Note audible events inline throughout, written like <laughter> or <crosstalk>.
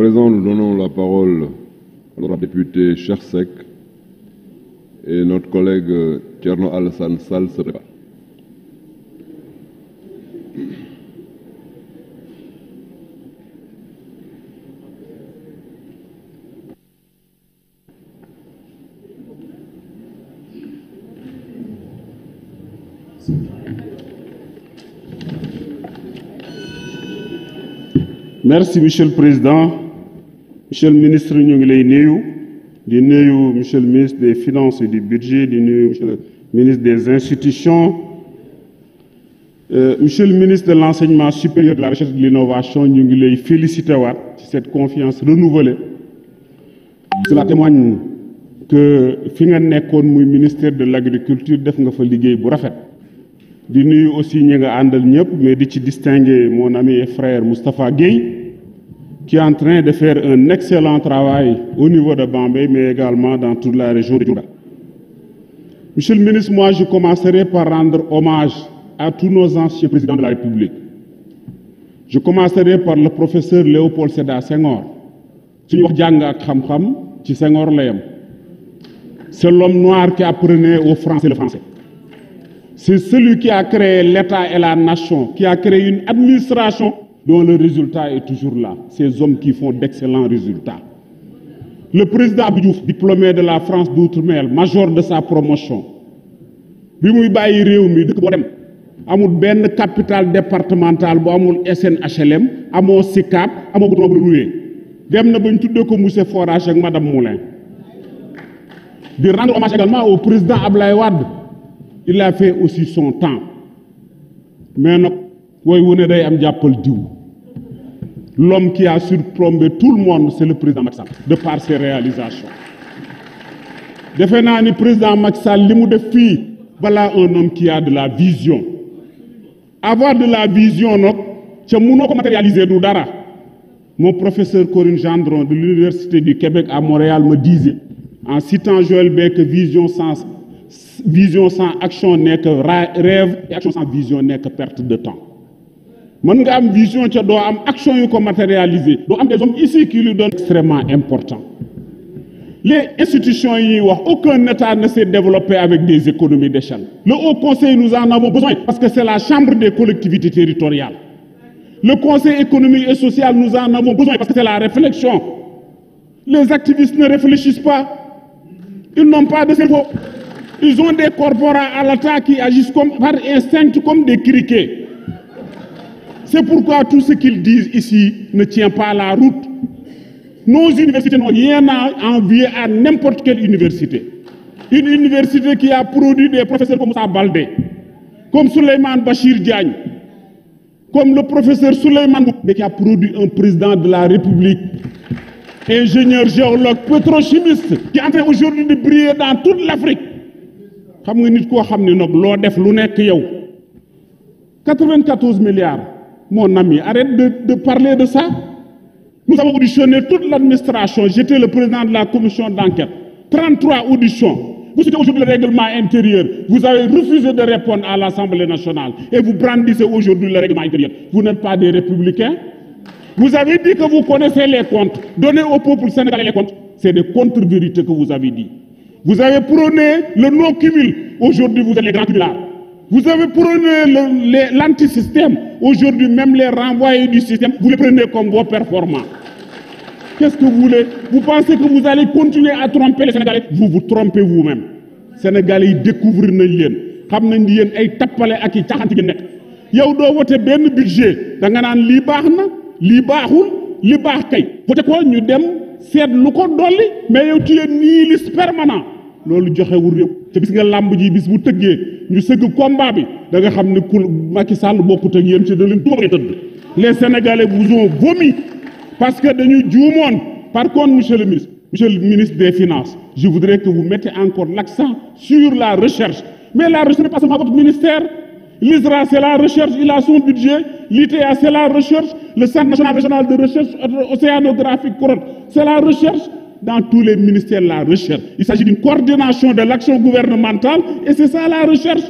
présent, nous donnons la parole à notre député Chersek et notre collègue euh, Tcherno Alassane Sal Merci, Monsieur le Président. monsieur le ministre ñu ngi lay nuyu di nuyu monsieur le ministre des finance et du budget di nuyu monsieur le ministre des institutions euh, monsieur le ministre de l'enseignement supérieur de la recherche de l'innovation ñu ngi lay félicité waat ci cette confiance renouvelée cela témoigne que fi nga nekkoon muy ministère de l'agriculture def nga fa liggéey bu rafet di nuyu aussi ñi nga àndal ñëpp mais di ci distinguer mon ami et frère Moustapha qui en train de faire un excellent travail au niveau de Bambey, mais également dans toute la région de Djouda. Monsieur le ministre, moi je commencerai par rendre hommage à tous nos anciens présidents de la République. Je commencerai par le professeur Léopold Sédar Senghor. suñu wax jàng ak xam-xam ci Senghor la yam c'est l'homme noir qui apprenait aux Français le français. C'est celui qui a créé l'État et la nation, qui a créé une administration dont le résultat est toujours la Ces hommes qui font d'excellents résultats. Le président Abdiouf, diplômé de la France d'outre-mer, major de sa promotion, bi muy bàyyi réew mi dëkk boo dem amul benn capital départemental bu amul SNHLM amoo SICAP amoo bu bu loué dem na ba ñu tuddee ko monsieur Forage ak madame Moulin di rendre hommage également au président Ablaye Wade il a fait aussi son temps mais nag. wooy wu day am jàppal diw l'homme qui a surplombé tout le monde c'est le président Macky Sall de par ses réalisations defe naa ni président Macky Sall li mu def fii balaa un homme qui a de la vision avoir de la vision nag ca mënoo ko matérialiser du dara mon professeur Corinne Gendron de l'université du Québec à Montréal me disait en citant Joël Beck vision sans vision sans action n'est que rêve et action sans vision nekk que perte de temps mën nga am vision ca doo am action yu ko matérialiser doo am des hommes ici qui lui donnent extrêmement important les institutions yi wax aucun état ne s'est développé avec des économies d'échelle le haut conseil nous en avons besoin parce que c'est la chambre des collectivités territoriales le conseil économique et social nous en avons besoin parce que c'est la réflexion les activistes ne réfléchissent pas ils n'ont pas de cerveau ils ont des à l'attaque qui agissent comme par des criquets C'est pourquoi tout ce qu'ils disent ici ne tient pas la route. Nos universités n'ont rien à envier à n'importe quelle université. Une université qui a produit des professeurs comme ça Baldé, comme Souleymane Bachir Diagne, comme le professeur Souleymane mais qui a produit un président de la République, ingénieur géologue, pétrochimiste, qui est en train aujourd'hui de briller dans toute l'Afrique. xam nga nit koo xam ne nag loo def lu nekk ti 94 milliards Mon ami, arrête de, de parler de ça. Nous avons auditionné toute l'administration. J'étais le président la commission d'enquête. 33 auditions. Vous citez aujourd'hui le règlement intérieur. Vous avez à l'Assemblée nationale. Et vous brandissez aujourd'hui le règlement intérieur. Vous n'êtes pas des républicains. Vous avez dit que Vous avez prôné l'antisystème. Aujourd'hui, même les renvoyés du système, vous les prenez comme vos performants. Qu'est-ce que vous voulez Vous pensez que vous allez continuer à tromper les Sénégalais Vous vous trompez vous-même. Sénégalais yi découvrir nañ leen xam nañ ni yéen ay tappale ak i caxanti gi nekk yow doo wote benn budget da nga naan lii baax na lii baaxul li baax kay wote ko ñu dem seet lu ko dolli mais yow tu es nihiliste permanent loolu joxewul réew te bis nga làmb ji bis bu tëggee ñu sëgg combat bi da nga xam ne ku Macky Sall bokkut ak yéen ci da leen tubaab tëdd les sénégalais vous ont vomi parce que dañu juumoon par contre monsieur le ministre monsieur le ministre des finances je voudrais que vous mettez encore l'accent sur la recherche mais la recherche n'est pas seulement votre ministère l'ISRA c'est la recherche il a son budget l'ITA c'est la recherche le centre national de recherche océanographique COROD c'est la recherche dans tous les ministères la recherche. Il s'agit d'une coordination de l'action gouvernementale et c'est ça la recherche.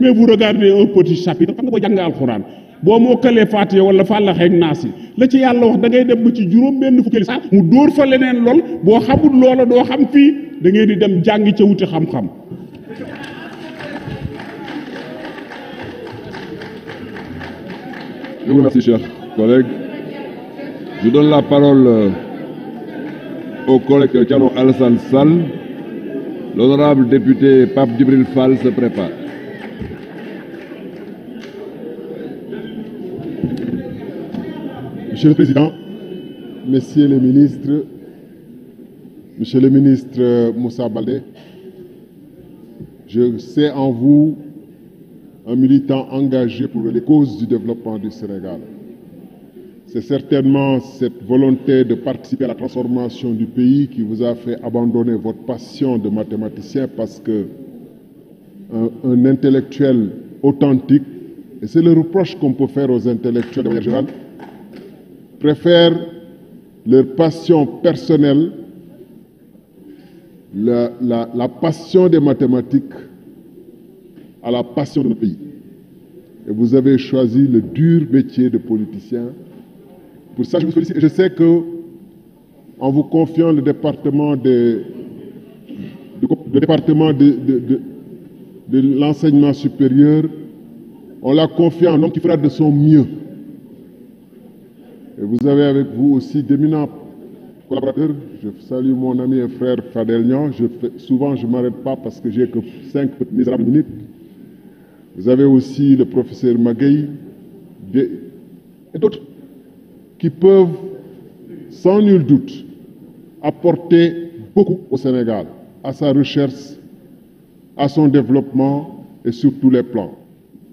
Mais vous regardez un petit chapitre, xam nga ko jàng alxuraan boo mokkalee Faatiha wala fàllaxeeg naas yi la ci yàlla wax dem ba ci juróom benn fukki sax mu dóor fa leneen lool boo xamul loola doo xam fii da ngay di dem jàngi ca wuti xam-xam. au collègue Diallo Alassane Sall. L'honorable député Pape Djibril Fall se prépare. Monsieur le Président, Monsieur le ministre Moussa Baldé, je sais en vous un militant engagé pour les causes du développement du Sénégal. C'est certainement cette volonté de participer à la transformation du pays qui vous a fait abandonner votre passion de mathématicien parce que un, un intellectuel authentique, et c'est le reproche qu'on peut faire aux intellectuels de général, préfèrent leur la, la, la des mathématiques à la passion de notre Et vous avez choisi le dur métier de politicien pour ça, je vous sollicite. Et sais que, en vous confiant le département de, de, département de, de, de, de l'enseignement supérieur, on l'a confié un homme qui fera de son mieux. Et vous avez avec vous aussi d'éminents collaborateurs. Je salue mon ami et frère Fadelian. Je souvent, je ne m'arrête pas parce que j'ai que cinq misérables minutes. Vous avez aussi le professeur Maguey et d'autres qui peuvent, sans nul doute, apporter beaucoup au Sénégal, à sa recherche, à son développement et sur tous les plans.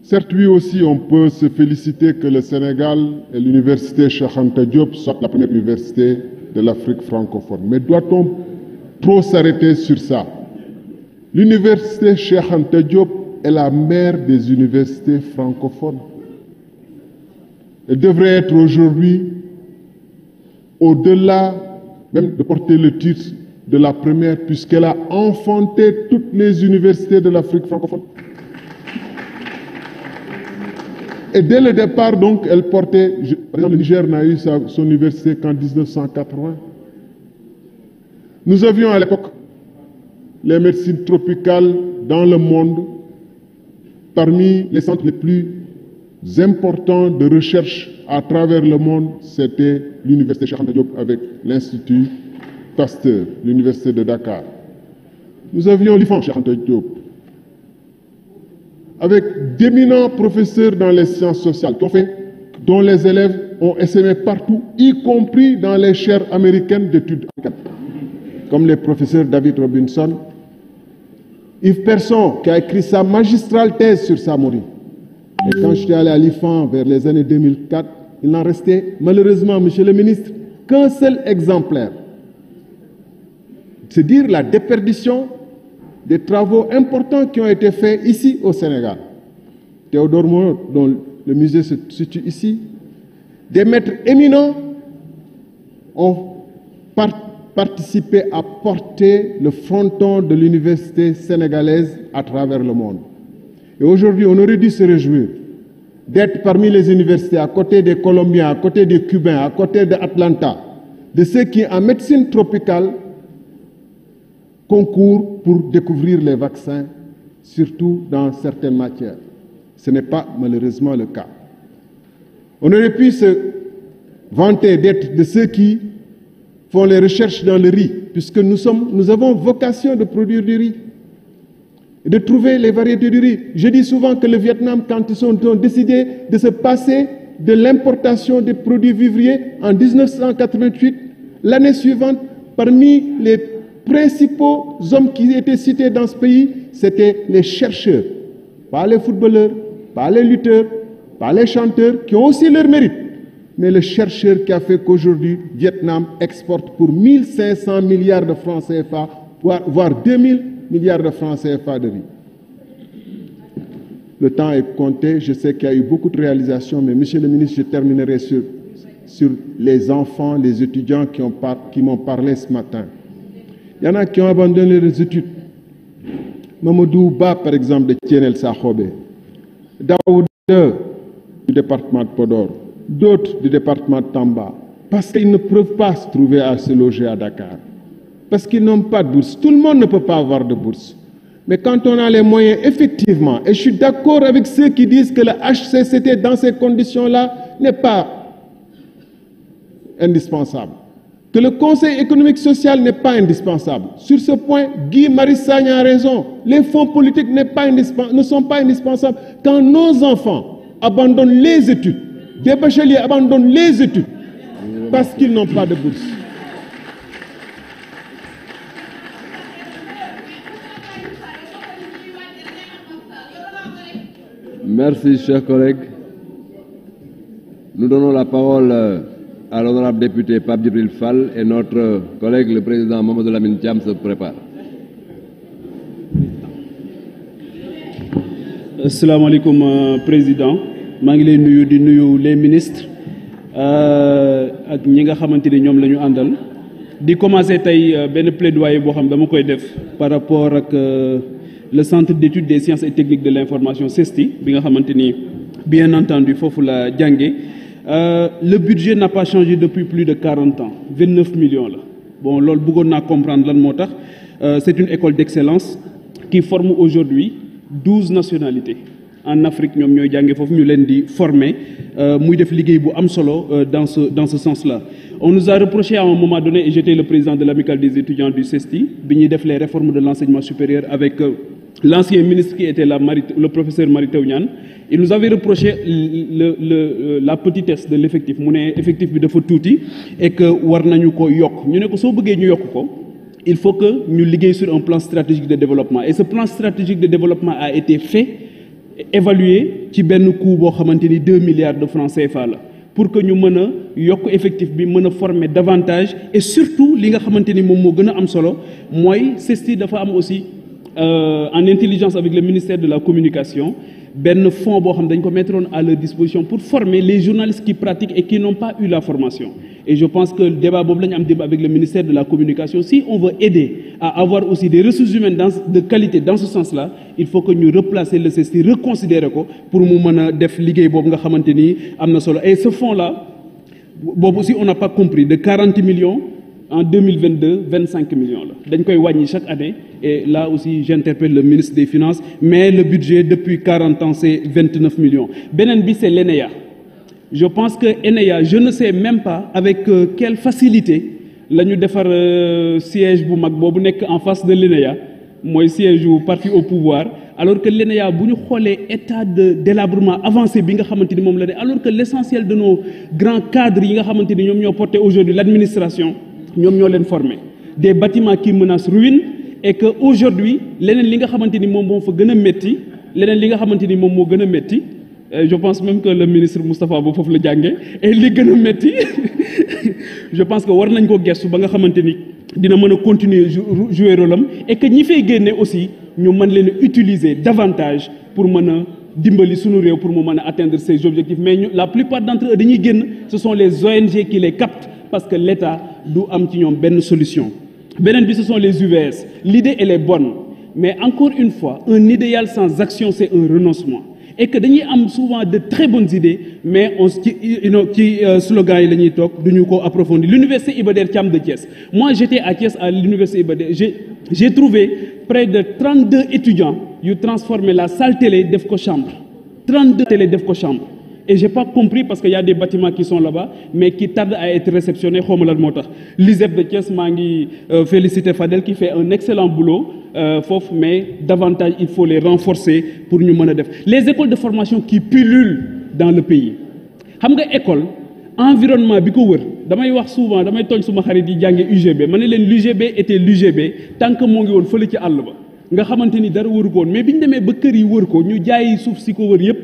Certes, oui aussi, on peut se féliciter que le Sénégal et l'université Cheikh Anta Diop soient la première université de l'Afrique francophone. Mais doit-on trop s'arrêter sur ça L'université Cheikh Anta est la mère des universités francophones. devrait être aujourd'hui au-delà même de le titre de la première puisqu'elle a enfanté toutes les universités de l'Afrique francophone. Et dès le départ, donc, elle portait, par exemple, le Niger n'a eu sa, son université qu'en 1980. Nous avions à l'époque les médecines tropicales dans le monde parmi les centres plus importants de recherche à travers le monde, c'était l'Université Cheikh Diop avec l'Institut Pasteur, l'Université de Dakar. Nous avions l'IFAN Cheikh Diop avec d'éminents professeurs dans les sciences sociales dont les élèves ont essaimé partout, y compris dans les chaires américaines d'études comme les professeurs David Robinson, Yves Persson, qui a écrit sa magistrale thèse sur Samori, Et quand je suis allé à l'IFAN vers les années 2004, il n'en restait malheureusement, Monsieur le ministre, qu'un seul exemplaire. C'est dire la déperdition des travaux importants qui ont été faits ici au Sénégal. Théodore Monod, dont le musée se situe ici, des maîtres éminents ont participé à porter le fronton de l'université sénégalaise à travers le monde. Et aujourd'hui, on aurait dû se réjouir d'être parmi les universités à côté des Colombiens, à côté des Cubains, à côté d'Atlanta, de ceux qui, en médecine tropicale, concourent pour découvrir les vaccins, surtout dans certaines matières. Ce n'est pas malheureusement le cas. On aurait pu se vanter d'être de ceux qui font les recherches dans le riz, puisque nous, sommes, nous avons vocation de produire du riz. de trouver les variétés du riz. Je dis souvent que le Vietnam, quand ils ont, ont décidé de se passer de l'importation des produits vivriers en 1988, l'année suivante, parmi les principaux hommes qui étaient cités dans ce pays, c'était les chercheurs, pas les footballeurs, pas les lutteurs, pas les chanteurs, qui ont aussi Mais le chercheur qui a fait qu'aujourd'hui, Vietnam exporte pour 1500 milliards de francs CFA, voire 2000 milliards de francs CFA de riz. Le temps est compté. Je sais qu'il y a eu beaucoup de réalisations, mais Monsieur le ministre, je terminerai sur, sur les enfants, les étudiants qui, par, qui m'ont parlé ce matin. Il y en a qui ont abandonné les études. Mamadou Ba, par exemple, de Tienel Sahobé. Daoud du département de Podor. D'autres du département de Tamba. Parce qu'ils ne peuvent pas se trouver à se loger à Dakar. parce qu'ils n'ont pas de bourse. Tout le monde ne peut pas avoir de bourse. Mais quand on a les moyens, effectivement, et je suis d'accord avec ceux qui disent que le HCCT dans ces conditions-là n'est pas indispensable, que le Conseil économique social n'est pas indispensable. Sur ce point, Guy Marissagne a raison. Les fonds politiques pas ne sont pas indispensables. Quand nos enfants abandonnent les études, des abandonnent les études parce qu'ils Merci, chers collègues. Nous donnons la parole euh, à l'honorable député Pape Djibril Fall et notre collègue le président Mamadou Lamine Thiam se prépare. asalaamaaleykum euh, président maa ngi lay nuyu di nuyu les ministres euh, ak ñi nga xamante ni ñoom la ñu àndal di commencer tey benn plaidoyer boo xam dama koy def par rapport ak. le centre d'études des sciences et techniques de l'information CESTI bi nga xamante ni bien entendu foofu la jànge euh, le budget n'a pas changé depuis plus de quarante ans vingt neuf millions la bon lool bëggoon na comprendre lan moo tax euh, c'est une école d'excellence qui forme aujourd'hui douze nationalités en Afrique ñoom ñooy jànge foofu ñu leen di former euh, muy def liggéey bu am solo euh, dans ce dans ce sens la on nous a reproché à un moment donné et j'étais le président de l'amicale avec l'ancien ministre qui était la Marie, le professeur Mary Teuw Niane il nous avait reproché le, le, la petitesse de l'effectif mu ne effective bi dafa tuuti et que war nañu ko yokk ñu ne ko soo bëggee ñu yokk ko il faut que ñu liggéey sur un plan stratégique de développement et ce plan stratégique de développement a été fait évalué ci benn coût boo xamante ni deux milliards de francs CFA la pour que ñu mën a yokk effectif bi mën a former davantage et surtout li nga xamante ni moom moo gën a am solo mooy CESTI dafa am aussi euh, en intelligence avec le ministère de la communication benn fonds boo xam dañ ko mettroon à leur disposition pour former les journalistes qui pratiquent et qui n'ont pas eu la formation et je pense que le débat boobu am débat avec le ministère de la communication si on veut aider à avoir aussi des ressources humaines dans de qualité dans ce sens-là il faut que ñu replacer le CESTI reconsidérer ko pour mu mën a def liggéey boobu nga xamante ni am na solo et ce boobu aussi on n'a pas de 40 millions en 2022 25 millions la dañ koy wàññi chaque année et là aussi j'interpelle le ministre des finances mais le budget depuis 40 ans c'est 29 millions beneen bi c'est l'ENEA je pense que ENEA je ne sais même pas avec euh, quelle facilité la ñu defar euh, siège bu mag boobu nekk en face de l'ENEA mooy siège wu parti au pouvoir alors que l'ENEA bu ñu xoolee état de délabrement avancé bi nga xamante ni moom la ne alors que l'essentiel de nos grands cadres yi nga xamante ni ñoom ñoo porté aujourd'hui l'administration ñoom ñoo leen formé des bâtiments qui menacent ruine et que aujourd'hui leneen li nga xamante ni moom moo fa gën a métti leneen li nga xamante ni moom moo gën a métti euh, je pense même que le ministre Moustapha Ba foofu la jàngee et li gën a métti <laughs> je pense que war nañ ko gestu ba nga xamante ni dina mën a continuer jouer rôle am que ñi fay génne aussi ñu mën leen utiliser davantage pour mën a dimbali suñu réew pour mu mën a atteindre ses objectifs mais ñu la plupart d'entre eux dañuy génn ce les ONG qui les captent parce que l'État du am ci ñoom benn solution beneen bi ce sont les UVS l'idée elle est bonne mais encore une fois un idéal sans action c'est un renoncement et que dañuy am souvent de très bonnes idées mais on ci ci euh, slogan yi la ñuy toog du ñu ko approfondir l'université Iba ci am de Thiès moi j'étais à Thiès à l'université Iba Der j'ai j'ai trouvé près de 32 étudiants yu transformé la salle télé def ko chambre 32 télé def ko chambre et j'ai pas compris parce que y a des bâtiments qui mais qui tardent à être réceptionnés xaw ma lan moo tax l'ISEP de Thiès maa ngi euh, fa Fadel qui fait un excellent boulot euh, foofu mais davantage il faut les renforcer pour ñu mën a def les écoles de formation qui pullulent dans le pays xam nga école environnement bi ko wër damay wax souvent damay tooñ suma xarit yi jànge UGB ma ne leen l'UGB était l'UGB tant que moo ngi woon fële ci àll ba nga xamante ni dara wëru ko woon bi ñu demee ba kër yi wër ko ñu jaayi suuf si ko wër yépp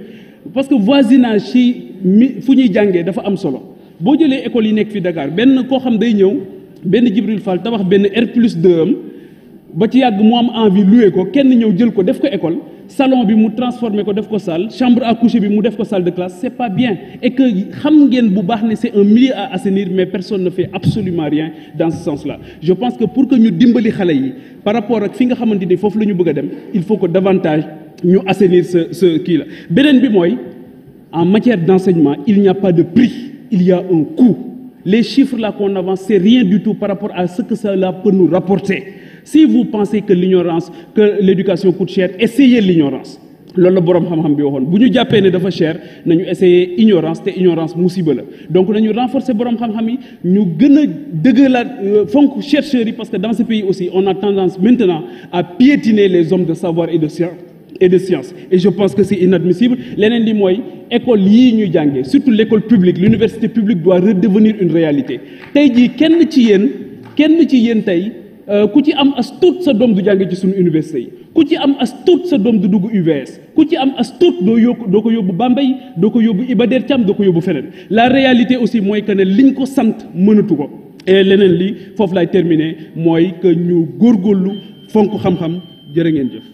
parce que voisinage ci mi fu ñuy jàngee dafa am solo boo jëlee école yi nekk fi Dakar benn koo xam day ñëw benn Jibril Fall tabax benn R plus 2 am ba ci yàgg mu am envie loué ko kenn ñëw jël ko def ko école salon bi mu transformé ko def ko sal chambre à coucher bi mu def ko salle de classe c'est pas bien et xam ngeen bu baax ne c'est un milieu à assainir mais personne ne fait absolument rien dans ce sens-là je pense que pour que ñu dimbali xale yi par rapport ak fi nga xamante ni foofu la ñu bëgg dem il faut que davantage ñu assainir ce ce kii la beneen bi mooy en matière d'enseignement il n'y a pas de prix il y a un coût les chiffres là qu'on avance rien du tout par rapport à ce que cela peut nous rapporter si vous pensez que l'ignorance que l'éducation coûte cher essayez l'ignorance loolu la boroom xam-xam bi waxoon bu ñu jàppee ne dafa cher nañu essayer ignorance te ignorance musiba la donc nañu renforcer boroom xam-xam yi ñu gën a dëgëlaat euh, fonk chercheurs yi parce que dans ce pays aussi on a tendance maintenant à piétiner les hommes de savoir de science et de sciences et je pense que c'est inadmissible leneen li mooy école yii ñuy jànge surtout l'école publique l'université publique doit redevenir une réalité tey jii kenn ci yéen kenn ci yéen tey euh, ku ci am as tuut sa doom du jàngee ci suñu université yi ku ci am as tuut sa doom du dugg UVS ku ci am as tuut doo yóbbu doo ko yóbbu Bambey doo ko yóbbu Iba Der Thiam doo ko yóbbu feneen la réalité aussi mooy que ne liñ ko sant mënatu ko et leneen li foofu laay terminer mooy que ñu góorgóorlu fonk xam-xam ngeen jëf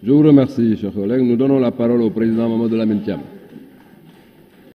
Je vous remercie, chers collègues. Nous donnons la parole au président Mamadou Lamine Thiam.